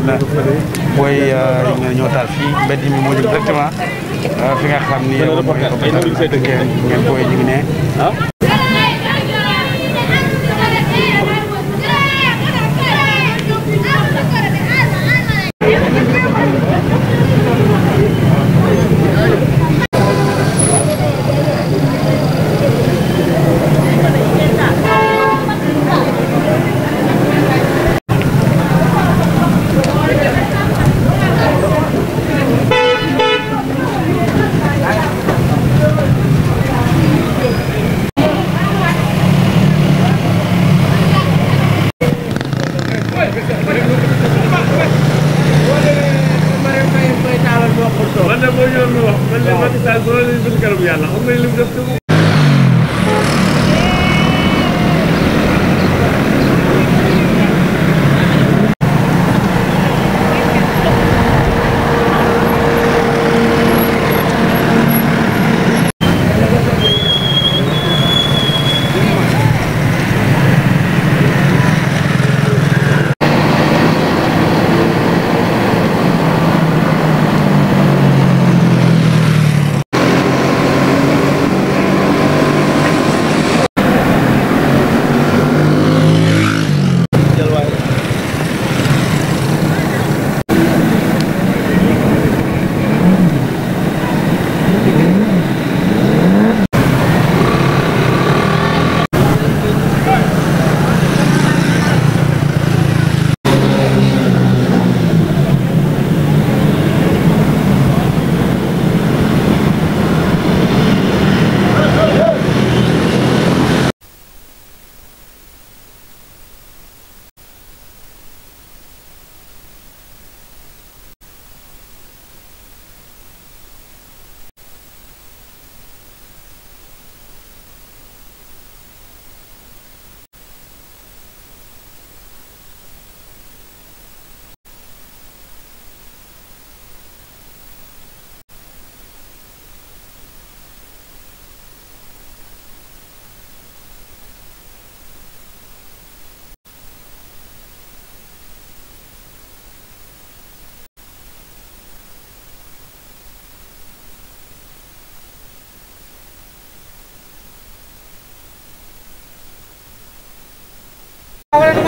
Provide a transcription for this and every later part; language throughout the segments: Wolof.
ngeen a yi ngeen ñëw fi fii mbedd mi moo jëm directement euh, fi nga xam ni euh, mooy hôpital Dantec ngeen booy ñu ngi ne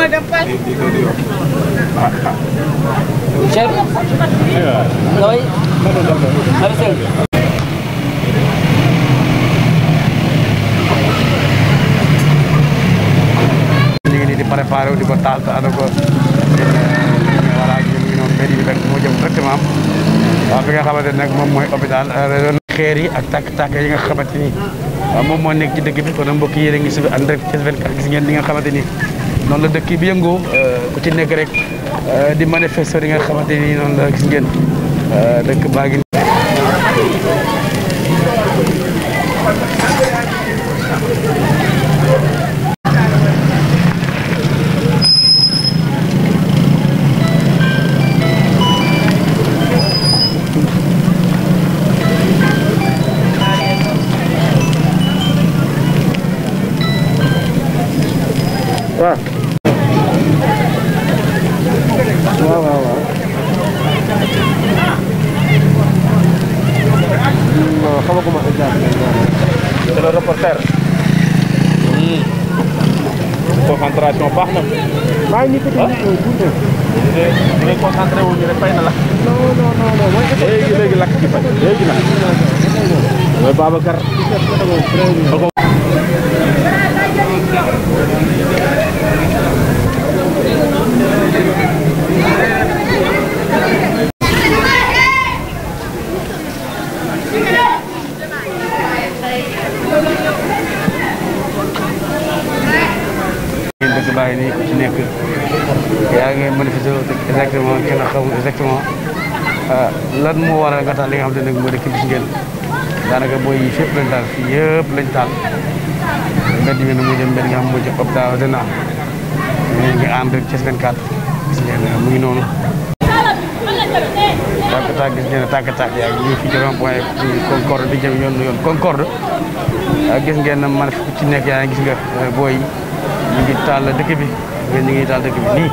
Chef. Rồi. Hãy subscribe préparé wu di ko taal te ànd ko voilà ñun ñu noonu benn bi rek moo jëm directement waaw bi nga xamante ne nag moom mooy hôpital région xeer yi ak tàkk-tàkk yi nga xamante ni moom moo nekk ci dëkk bi kon mbokk yi yéen a ngi subi en direct ci 24 gis ngeen li nga xamante ni noonu la dëkk bi yëngoo euh, ku ci nekk rek euh, di manifester yi nga xamante ni noonu la gis ngeen euh, dëkk baa ngi non xamaguma exactement. c'est le reporter. Hmm. concentration baax na. maa ngi nii ah bu dee concentré wu ñu rek fay na lakk. non non non non léegi léegi lakk ci fay léegi nag. mooy Babacar. Thank you. bàyyi nii ku ci nekk yaa ngi manifesté exactement kenn xamul exactement ah, lan moo waral nga taal li xam te nag moo dëkk bis daanaka booy yi fépp lañ taal fii yëpp lañ taal mbedd mi na mu jëm mbedd nga xam moo jëm hôpital dina gis ngeen mu ngi noonu tàkk-tàkk gis ngeen ah, ngeen man ku ci nekk yaa ngi gis nga eh, booy ñu ngi taal dëkk bi ngeen ñu ngi taal dëkk bi nii.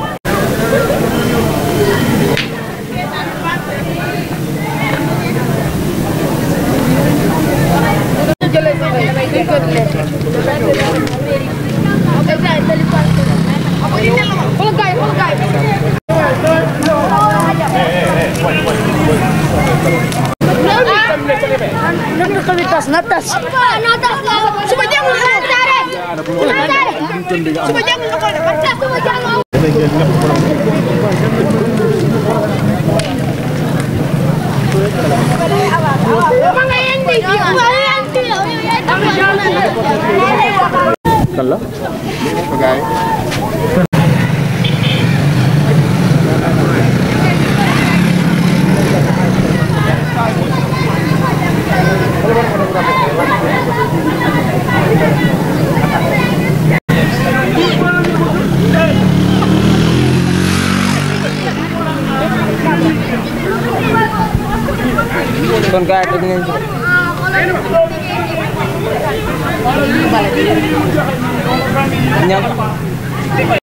tas na tas personne bi nga am. dafay jël ñëpp borom kan la. kon gars yi tëj nañ ci ñam